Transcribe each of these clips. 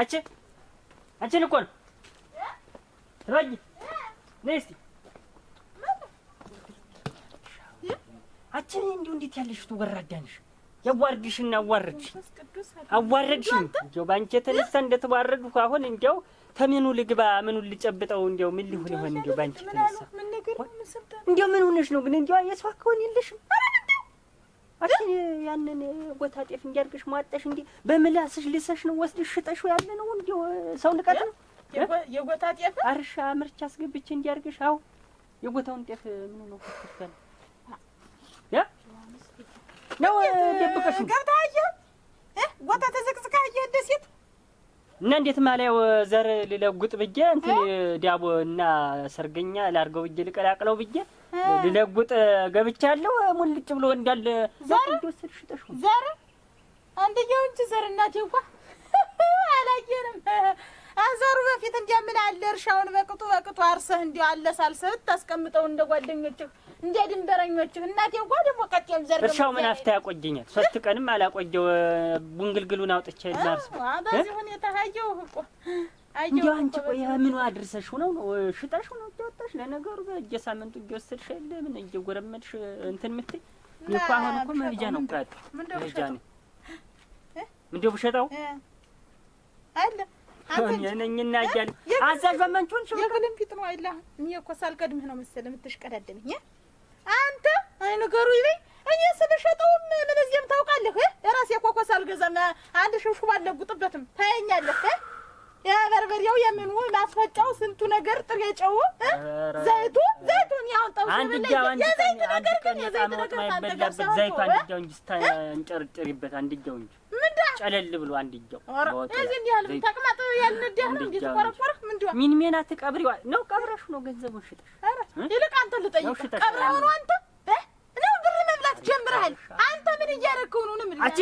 አንቺ አንቺን እኮ ነው ነይ እስኪ አንቺን እንዲሁ እንዴት ያለሽ ነሽ ያዋርድሽና አዋረድሽ እንዲያው በአንቺ የተነሳ እንደተዋረድኩ አሁን እንዲያው ከምኑ ልግባ ምኑን ልጨብጠው እንዲያው ምን ሊሆን ይሆን እንዲያው በአንቺ የተነሳ እንዲያው ምን ሆነሽ ነው ግን እንዲያው የሰው አካውን የለሽም አሽ ያንን ጎታ ጤፍ እንዲያርግሽ ሟጠሽ እንዲ በምላስሽ ልሰሽ ነው ወስድሽ ሽጠሽ ያለ ነው እንዲ ሰው ንቀት ነው። የጎታ ጤፍ አርሻ ምርቻ አስገብቼ እንዲያርግሽ። አዎ የጎታውን ጤፍ ምን ነው ከተፈለ ያ ነው ደብቀሽ ገብታ አየ ጎታ ተዘቅዝቃ አየ ደሴት እና እንዴት ማለው ዘር ልለጉጥ ብዬ እንትን ዳቦ እና ሰርገኛ ላርገው ብዬ ልቀላቅለው ብዬ ልለጉጥ ገብቻለሁ። ሙልጭ ብሎ እንዳለ ዘር ዘር አንደኛው እንጂ ዘር እናቴ እንኳ አላየንም። አዘሩ በፊት እንዲያ አለ እርሻውን በቅጡ በቅጡ አርሰህ እንዲ አለሳልሰህ ብታስቀምጠው እንደ ጓደኞችህ እንደ ድንበረኞችህ። እናቴ እንኳ ደግሞ ቀጤም ዘር እርሻው ምን አፍታ ያቆጅኛል? ሶስት ቀንም አላቆጀው ቡንግልግሉን አውጥቼ ላርስ በዚህ ሁኔታ ሀየው እኮ አየሁ አንቺ ቆይ ምኑ አድርሰሽው ነው ሽጠሽው ነው እያወጣሽ? ለነገሩ በየሳምንቱ እየወሰድሽ ያለ ምን እየጎረመድሽ እንትን የምትይ እኔ እኮ አሁን እኮ መሄጃ ነው ቃጥ መሄጃ ነው ምንድነው ብሸጠው አለ እኔና እያለ አዛዥ በመንቹን ሽው የግልም ቢጥ ነው አይላ እኔ እኮ ሳልቀድምህ ነው መሰለ የምትሽቀዳደምኝ አንተ አይ ነገሩ ይበይ እኔ ስለሸጠውም ምን እዚህም ታውቃለህ። ራሴ እኮ እኮ አንድ ሽብሽብ አልለጉጥበትም ታየኛለህ የበርበሬው የምኑ ማስፈጫው ስንቱ ነገር ጥሬ ጨው ዘይቱ ዘይቱን ያውን ጠው የዘይት ነገር ግን የዘይት ነገር ታንተገብሰው ዘይቱ አንድጃው እንጂ ስታንጨርጭሪበት አንድጃው እንጂ ምንዳ ጨለል ብሎ አንድጃው እዚህ እንዲህ ያለ ተቅማጥ ያልነዲያ ነው እንጂ ተቆረቆረ ምንድነው ሚን ሜና ትቀብሪዋ ነው ቀብረሽ ነው ገንዘቡን ሽጠሽ ይልቅ አንተ ልጠይቅ ቀብረው ነው አንተ ነው ብር መብላት ጀምረሃል አንተ ምን እያደረግከው ነው ምን አቺ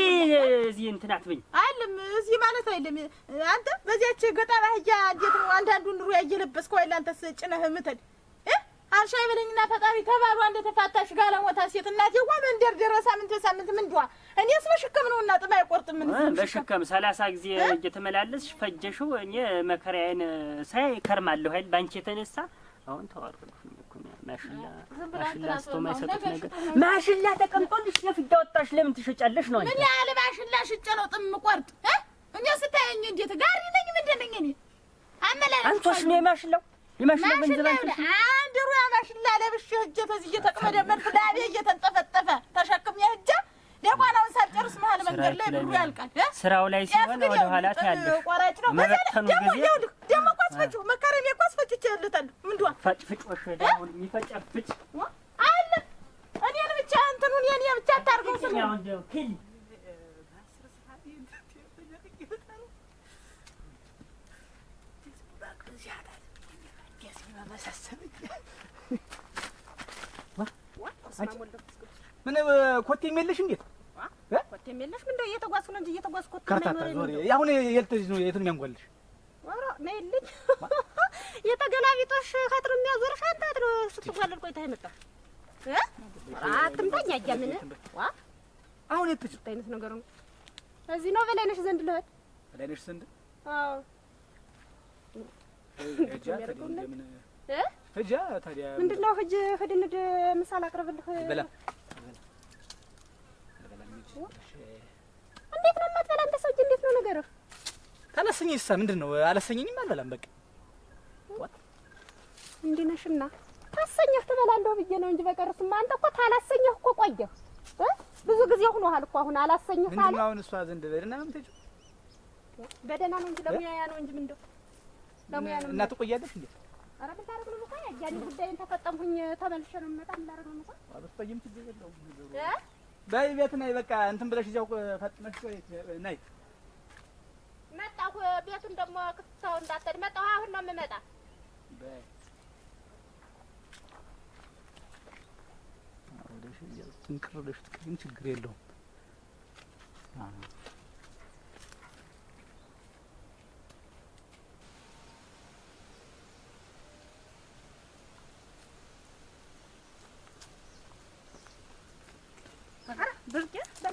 እዚህ እንትን አትበኝ አይ አይደለም እዚህ ማለት አይደለም። አንተ በዚያች ገጠር አህያ እንዴት ነው አንዳንዱን ሩያ እየለበስከው አይደል? አንተስ ጭነህ ምትል አርሻ ይበለኝና ፈጣሪ ተባሉ እንደ ተፋታሽ ጋለሞታ ሴት እናቴዋ መንደር ደረ ሳምንት ሳምንት ምንድዋ ዱአ እኔስ በሽከም ነው እና ጥም አይቆርጥ ምን በሽከም ሰላሳ ጊዜ እየተመላለስሽ ፈጀሽው። እኔ መከራዬን ሳይ ከርማለሁ ኃይል ባንቺ የተነሳ አሁን ተዋርኩ ማሽላ ማሽላ ስቶ የማይሰጡት ነገር ማሽላ ተቀምጦልሽ ለፍዳ ወጣሽ። ለምን ትሸጫለሽ ነው? ምን ያህል ማሽላ ሽጬ ነው ጥም ቆርጥ እኛ ስታየኝ እንዴት ጋሪ ነኝ ምንድን ነኝ እኔ አመላለስ አንቶሽ ነው የማሽላው የማሽላ ገንዘብ አንቶሽ አንድ ሩያ ማሽላ ለብሼ ሂጅ ተዚህ እየተቀመደመድ ፍዳቤ እየተንጠፈጠፈ ተሸክሜ ሂጅ ደቋላውን ሳልጨርስ መሀል መንገድ ላይ ብሩ ያልቃል። ስራው ላይ ሲሆን ወደ ኋላ ቆራጭ ነው መበተኑ ጊዜ ደግሞ አስፈጩ መካረኔ እኮ አስፈጭቼ ያለታለሁ። ምንድን ፈጭ ፍጭ ወሸዳ አሁን የሚፈጫ አለ። እኔን ብቻ እንትኑን የኔ ብቻ አታርገው ስለ ምን ኮቴ የሚለሽ እንዴት ኮቴ የሚለሽ? ምንድን ነው እየተጓዝኩ ነው እንጂ እየተጓዝኩ ኮቴ ነው። አሁን የት ነው የቱን የሚያንጓልሽ? አቅሜ የለኝ የተገላቢጦሽ ከጥር የሚያዞርሽ አንተ ነው። ስትጓለል ቆይታ የመጣው አትምታኝ። አያ ምን አሁን የትች አይነት ነገር ነው። እዚህ ነው በላይነሽ ዘንድ ልሄድ በላይነሽ ዘንድ አዎ ህጃ ታዲያ ምንድን ነው? ህጅ ሂድ እንሂድ፣ ምሳ ላቅርብልህ። እንዴት ነው የማትበላ? አንተ ሰውዬ እንዴት ነው ነገርህ? ካላሰኘኝ ሳ ምንድን ነው? አላሰኘኝም፣ አልበላም። በቃ እንዲህ ነሽና ታሰኘህ ትበላለሁ ብዬ ነው እንጂ በቀርስማ አንተ እኮ ታላሰኘህ እኮ ቆየህ ብዙ ጊዜ ሆኖሃል እኮ አሁን አላሰኘህ ካለ ምንድን ነው አሁን እሷ ዘንድ በደህና ነው የምትሄጂው? በደህና ነው እንጂ ለሙያያ ነው እንጂ ምንድን ነው ለሙያ ነው እና ትቆያለሽ እንዴ? ኧረ ምን ታደርግ ነው ሙሳ ያጃኒ ጉዳይን ተፈጠምኩኝ ተመልሼ ነው የምመጣ። ምን ታደርግ ነው ሙሳ አብስተኝም እ በይ ቤት ነይ በቃ እንትን ብለሽ እዚያው ፈጥነሽ ነይ መጣሁ። ቤቱን ደግሞ ክፍተው እንዳትሄድ መጣሁ። አሁን ነው የምመጣ። ጥንክር ወደፊት ቅድም ችግር የለውም። ብርቄ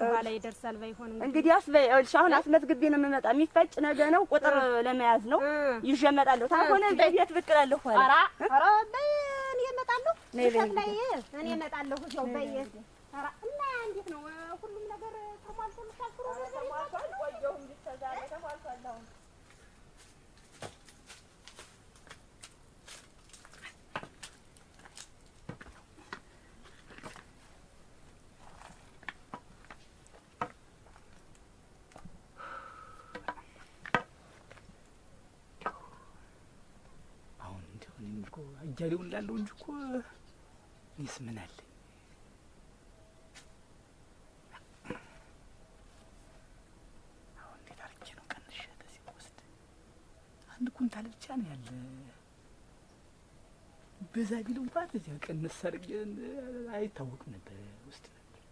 በኋላ ይደርሳል። ባይሆን እንግዲህ አስበይ አሁን አስመዝግቤ ነው የምመጣ። የሚፈጭ ነገ ነው፣ ቁጥር ለመያዝ ነው። ይዤ እመጣለሁ። ታሆነ በቤት ብቅ እላለሁ። ኧረ ኧረ በይ እኔ እመጣለሁ። እኔ እመጣለሁ። እዚያው በይ ኧረ እና እንዴት ነው ሁሉም ነገር ተሟልቶ ቆየሁ እንጂ እስከ ዛሬ ተሟልቷል አሁን አያሌውን እንላለው እንጂ እኮ እኔስ ምን አለ አሁን እንዴት አድርጌ ነው ቀንሽ ከዚህ ወስድ አንድ ኩንታል ብቻ ነው ያለ በዛ ቢሉ እንኳን እዚህ ቀንስ አድርጌ አይታወቅም ነበር ውስጥ ነበር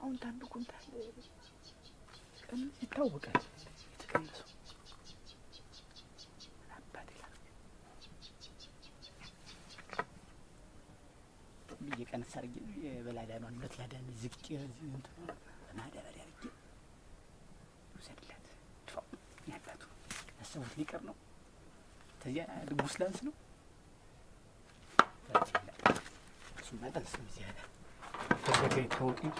አሁን ታንድ ኩንታል ቀንስ ይታወቃል የተቀነሰው እየቀነሳ አድርጌ በላዳኗን ሁለት ላዳን ዝግጭ ማዳበሪያ አድርጌ ውሰድላት ያላቱ ያሰቡት ሊቀር ነው። ተዚያ ድጉስ ላንስ ነው እሱማ ጠንስ ነው እዚያ ተዘገይ ታወቀኝ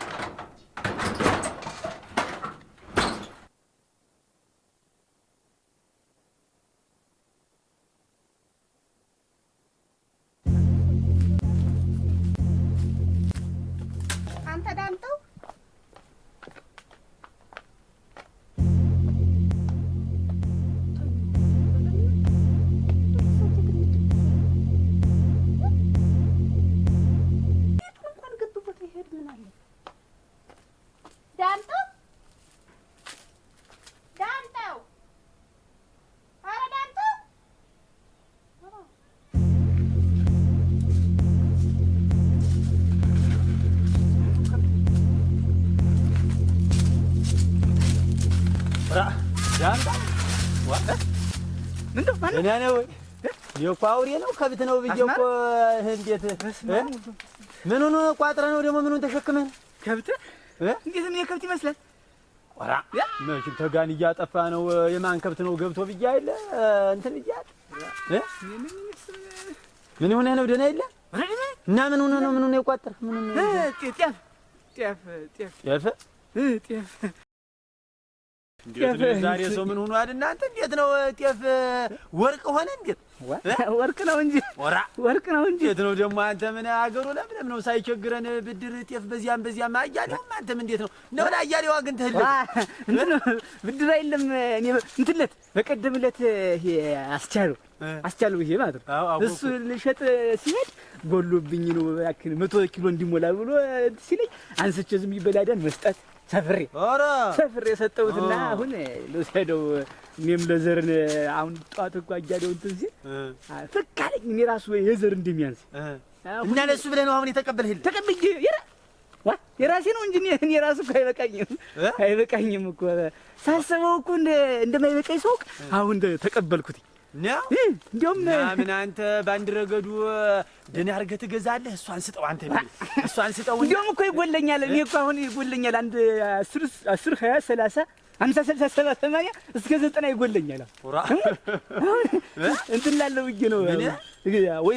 እኔ ነው የእኮ አውሬ ነው ከብት ነው ብዬ እኮ እንዴት ምኑን ቋጥረህ ነው ደግሞ ምኑን ተሸክመ ነው? ከብት እንዴት ነው የከብት ይመስላል? ወራ መቼም ተጋን እያጠፋ ነው። የማን ከብት ነው ገብቶ ብዬ አይደለ እንትን ብዬ ምን ሆነህ ነው? ደህና የለ እና ምን ሆነህ ነው? ምን ሆነህ የቋጠርህ? ምን ጤፍ ጤፍ ጤፍ ጤፍ እንዴት ነው ዛሬ ሰው ምን ሆኗል? እናንተ እንዴት ነው ጤፍ ወርቅ ሆነ? እንዴት ወርቅ ነው እንጂ ወራ ወርቅ ነው እንጂ። እንዴት ነው ደግሞ አንተ ምን አገሩ ለምለም ነው ሳይቸግረን ብድር ጤፍ በዚያም በዚያም አያሌው አንተም እንዴት ነው ነው ላይ አያሌው ብድር አይደለም እኔ እንትለት በቀደምለት ይሄ አስቻሉ አስቻሉ ይሄ ማለት ነው እሱ ልሸጥ ሲሄድ ጎሎብኝ ነው ያክል መቶ ኪሎ እንዲሞላ ብሎ ሲለኝ አንስቼ ዝም ይበላዳን መስጠት ሰፍሬ ሰፍሬ የሰጠሁትና አሁን ልውሰደው። እኔም ለዘርን አሁን ጠዋት እኮ አያሌው እንትን ሲል ፈካ አለኝ። እኔ እራሱ የዘር እንደሚያንስ እና ለእሱ ብለህ ነው አሁን የተቀበልህ? ተቀብዬ የራሴ ነው እንጂ እኔ እራሱ እኮ አይበቃኝም፣ አይበቃኝም እኮ ሳስበው እኮ እንደማይበቃኝ ሰውቅ አሁን ተቀበልኩት። እንዲያውም ምን አንተ በአንድ ረገዱ ደህና አድርገህ ትገዛለህ። እሷን ስጠው አንተ ቢል እሷን ስጠው። እንዲያውም እኮ ይጎለኛል። እኔ እኮ አሁን ይጎለኛል አንድ አስር ሀያ ሰላሳ አምሳ ስልሳ ሰባ ሰማንያ እስከ ዘጠና ይጎለኛል። እንትን ላለው ብዬ ነው ወይ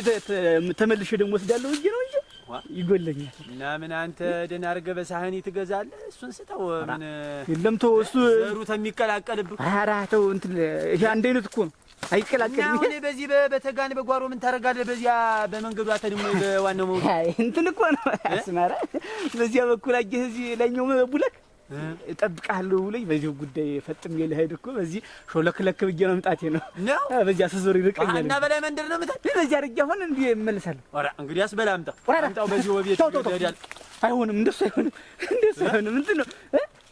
ተመልሼ ደግሞ ወስዳለሁ ብዬ ነው እንጂ ይጎለኛል እና ምን አንተ ደህና አድርገህ በሳህን ትገዛለህ። እሱን ስጠው። ምን የለም ተው፣ እሱ ሩት ተሚቀላቀልብ ኧረ ተው እንትን አንድ አይነት እኮ ነው አይከላከልም። በዚህ በተጋን በጓሮ ምን ታደርጋለህ? በዚያ በመንገዱ በዋናው እንትን እኮ ነው አስመራ። በዚያ በኩል አየህ፣ እዚህ ላይኛው ቡለክ እጠብቅሃለሁ ብለኝ ጉዳይ ፈጥም የልሄድ እኮ በዚህ ሾለክለክ ብዬ ነው መምጣቴ ነው። በዚያ ስዞር ይርቀኛል እና በላይ መንደር ነው ምታ በዚያ አድርጌ አሁን እንዲህ እመልሳለሁ። እንግዲያስ በዚህ ወቤት ይሄዳል። አይሆንም፣ እንደሱ አይሆንም፣ እንደሱ አይሆንም። እንትን ነው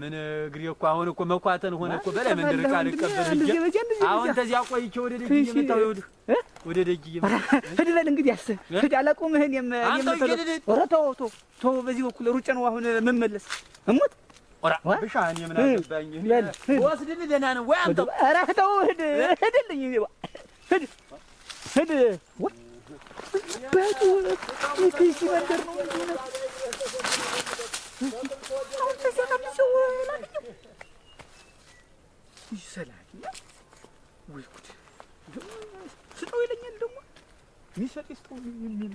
ምን እግሬ እኮ አሁን እኮ መኳተን ሆነ እኮ በላይ መንደር ዕቃ ልቀበል ሂጅ። አሁን ተዚያ ቆይቼ ወደ ደጅ እየመጣሁ ይወዱ ወደ ደጅ እየመጣሁ ሂድ በል እንግዲህ አስብ። ሂድ አላቁምህን የም ኧረ ተው ተው ተው፣ በዚህ በኩል ሩጬ ነው አሁን የምመለስ እሙት ኧረ ብሻ እኔ ምን አገባኝ? ወስድልህ ደህና ነው ወይ አንተው? ኧረ ተው ሂድ፣ ሂድልኝ ሂድ ሂድ። በጡ ይህ መንደር ነው እንጂ ነው ይሰጠው ይለኛል ደግሞ የሚሰጥ ይስጠው የሚል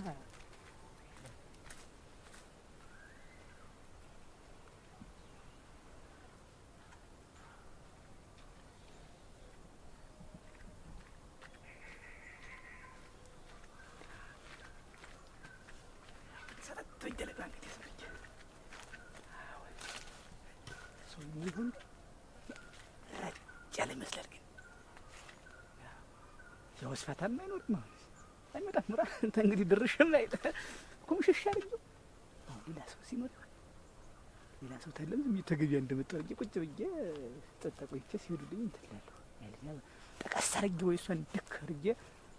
ስፋታም አይኖርም። አይመጣም ኑራ እንተ እንግዲህ ድርሽም ላይ ኩምሽሽ አድርጊ። አሁን ሌላ ሰው ሲመጣ ሌላ ሰው ታለም ዝም ተገቢያ እንደመጣ ቁጭ ብዬ ጸጥ ሲሄዱልኝ እንትን ያለኛ ጠቀስ ወይ እሷን ድክ አድርጌ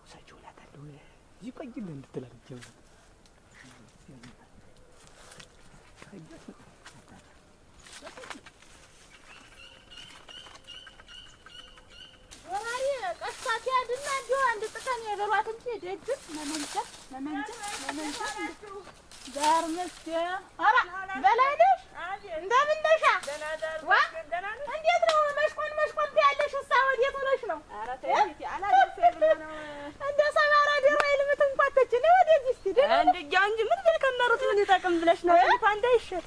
እሳቸው እላታለሁ። እዚህ ቆይልህ እንድትል እኔ በሏት እንጂ ደጁን መመንጨት መመንጨት መመንጨት ዳር መስገር ኧረ እንደምን ነሽ? ዋ እንዴት ነው መሽቆን መሽቆን ትያለሽ? እሷ ወዴት ሆነሽ ነው? እንደ ሰባራ ዶሮ የልምት እንኳተች እኔ ወደዚህ እስኪ እንጃ እንጂ ምን ብል ከመሩት ምን ይጠቅም ብለሽ ነው እንኳ እንዳይሸት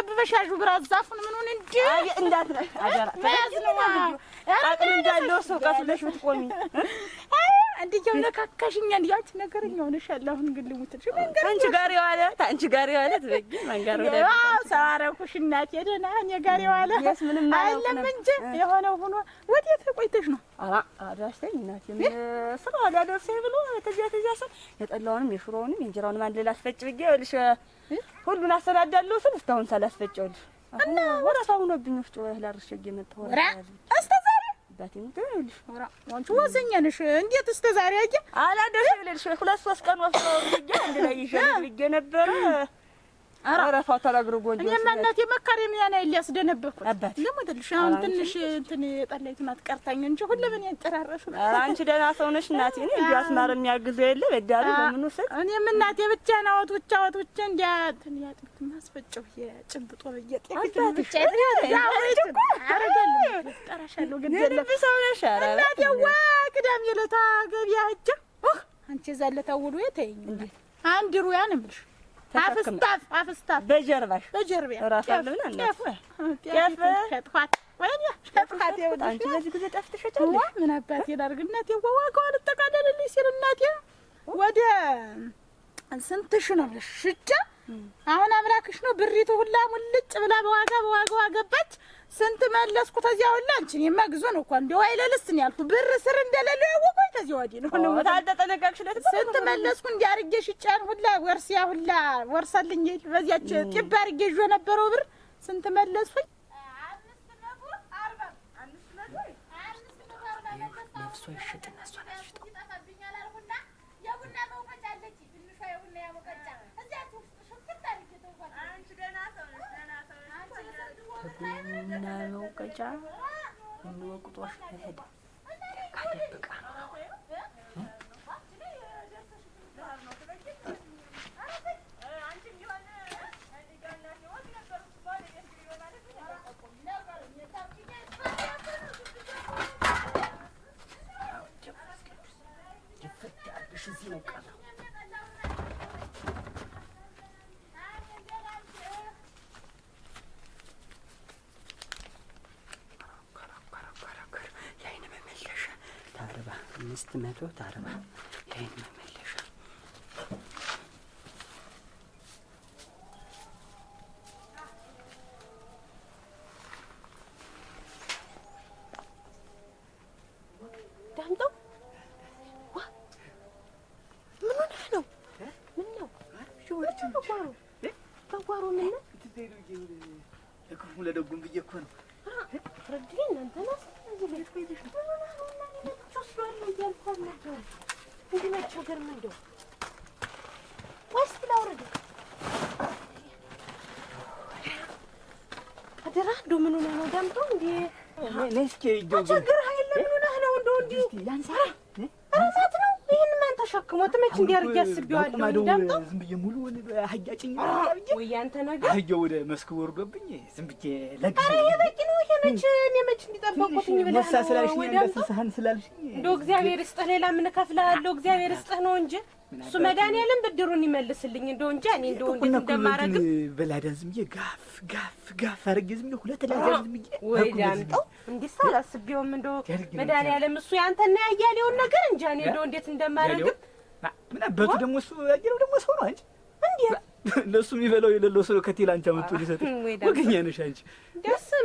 አጨብበሽ ያዡ ብራ ዛፉን ምኑን እንደ እንዳት አደራ መያዝ ነው። አቅም እንዳለው ሰው ቀስ ብለሽ ብትቆሚ እንዲያው ነካካሽኛ። እንዲያው አንቺ ነገረኛ ሆነሻል። አሁን ግን ልሙትሽ አንቺ ጋር የዋለ ታንቺ ጋር የዋለ ትበጊ መንገር ወደ አው ሰዋረኩሽ እናቴ ደህና እኔ ጋር የዋለ አይለም እንጂ የሆነው ሆኖ ወዴት ቆይተሽ ነው? አራ አድራሽተኝ እናቴ ምን ስራ አዳደርሰኝ ብሎ ተዚያ ተዚያ ሰው የጠላውንም የሽሮውንም የእንጀራውንም አንድ ላስፈጭ ብዬ ልሽ ሁሉን አሰናዳለሁ ስል እስካሁን ሳላስፈጨሁልሽ እና ወራሱ አሁንብኝ ወፍጮ እህል አድርሼ እየመጣሁ ወራ እስከ ዛሬ ባቲም ትልሽ ወራ ወንቹ ወዘኛ ነሽ። እንዴት እስከ ዛሬ አየ አላደርሽ ልልሽ ሁለት ሶስት ቀን ወፍጮ እርግጃ አንድ ላይ ይዤ ልጄ ነበረ ኧረ ፋታ ላግሩ ጎንጆ እኔማ እናቴ መካሪም ያና ኢልያስ አባት ልሙትልሽ። አሁን ትንሽ እንትን የጠላይቱ ናት ቀርታኝ እንጂ ሁሉ ምን አጨራረሹ ነው። ኧረ አንቺ ደህና ሰው ነሽ እናቴ። እኔ ኢልያስ ማር የሚያግዘው የለ በዳሪ በምኑ ስል እኔም እናቴ ብቻ ነው ብቻ ወጥ ብቻ እንዲያ እንትን ያጥብት ማስፈጨው የጭብጦ በየጥ ያጥብት ብቻ ያጥብት አረጋለሁ ጠራሻለሁ። ግን ደለብ ሰው ነሽ እናቴ። ዋ ቅዳሜ ዕለት ገበያ ሂጅ አንቺ ዛለታ ውሉ የተይኝ አንድ ሩያን እምልሽ አፍስታፍ አፍስታፍ በጀርባሽ በጀርባ እራሱ አለ ጤፍ ሸጥኋት ወይኔ ሸጥኋት። ይኸውልሽ አንቺ በዚህ ጊዜ ጠፍተሽ ዋ ምን አባቴ ላድርግ እናቴ ዋጋው አልጠቃለልልኝ ሲል እናቴ ወደ ስንት ነው ብለሽ ሽጬ አሁን አምላክሽ ነው ብሪቱ ሁላ ሙልጭ ብላ በዋጋ በዋጋው አገባች። ስንት መለስኩ። ተዚያ ወላ አንቺን የማግዞ ነው እኮ እንደው አይለልስ ነው ያልኩ ብር ስር እንደሌለ ያወቀኝ ተዚያ ወዲህ ነው ነው ታልተጠነቀቅሽለት። ስንት መለስኩ እንዲያርጌሽ ሽጫን ሁላ ወርሲያ ሁላ ወርሳልኝ በዚያች አርጌ ጆ ነበረው ብር ስንት መለስኩኝ። አምስት መቶ አርባ አርባ ቡና መውቀጫ የሚወቅጦሽ እህል ደብቃ ነው። ስድስት መቶ አርባ ይህን መመለሻ ዳምጠው ምን ሆነህ ነው? ምን ነው በጓሮ በጓሮ ምን ለክፉም ለደጉም ብዬ እኮ ነው። ረድ እናንተ ነው? አይገርም እንደው ወይስ ላውርድ አደራ እንደው ምን ሆነህ ነው ዳምጠው እንዴ ነስኪ ይጆ ችግር ኃይል ለምን ሆነህ ነው እንደው እንዲሁ ያንሳ ተሸክሞት መች እንዲያርግ ያስቢዋለሁ። እንዳምጠው ዝም ብዬ ሙሉውን አህያ ጭኝ ወይ አንተ ነገር አህያ ወደ መስክ ወርዶብኝ ዝም ብዬ ለግሽ። ኧረ የበቂ ነው ይሄ። መች እኔ መች እንዲጠበቁትኝ ብለህ ነው ወደ እንዳምጠው እንደው እግዚአብሔር ይስጥህ። ሌላ ምን እከፍልሃለሁ? እግዚአብሔር ይስጥህ ነው እንጂ እሱ መድኃኒዓለም ብድሩን ይመልስልኝ እንደው እንጂ እኔ እንደው እንዴት በላዳን ዝም ብዬ ጋፍ ጋፍ ጋፍ አድርጌ ዝም ብዬ ሁለት ላዳን ዝም ብዬ ወይ ዳምጠው እንደው መድኃኒዓለም እሱ ያንተና ያያሌውን ነገር እኔ እንደው እንዴት ምን አባቱ ደግሞ እሱ ያየለው ደግሞ ሰው ነው እንጂ እንዴ ለእሱ የሚበላው የሌለው ሰው ከቴላንቻ መጥቶ ሊሰጥ ወገኛ ነሽ አንቺ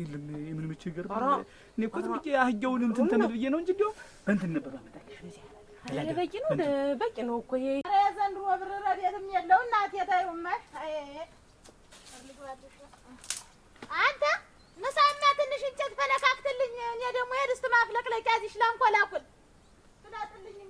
የለም የምን ምች ገር እኔ እኮ ዝም አህያውን እንትን ተምል ብዬ ነው እንጂ እንዲያው በእንትን ነበር ባመጣልሽ በቂ ነው በቂ ነው እኮ ይሄ ዘንድሮ ብር ረድኤትም የለው እናቴ ታዩማሽ አንተ ምሳና ትንሽ እንጨት ፈለካክትልኝ እኔ ደግሞ የድስት ማፍለቅለቂያ እዚህ ላንኮላኩል ትላትልኝ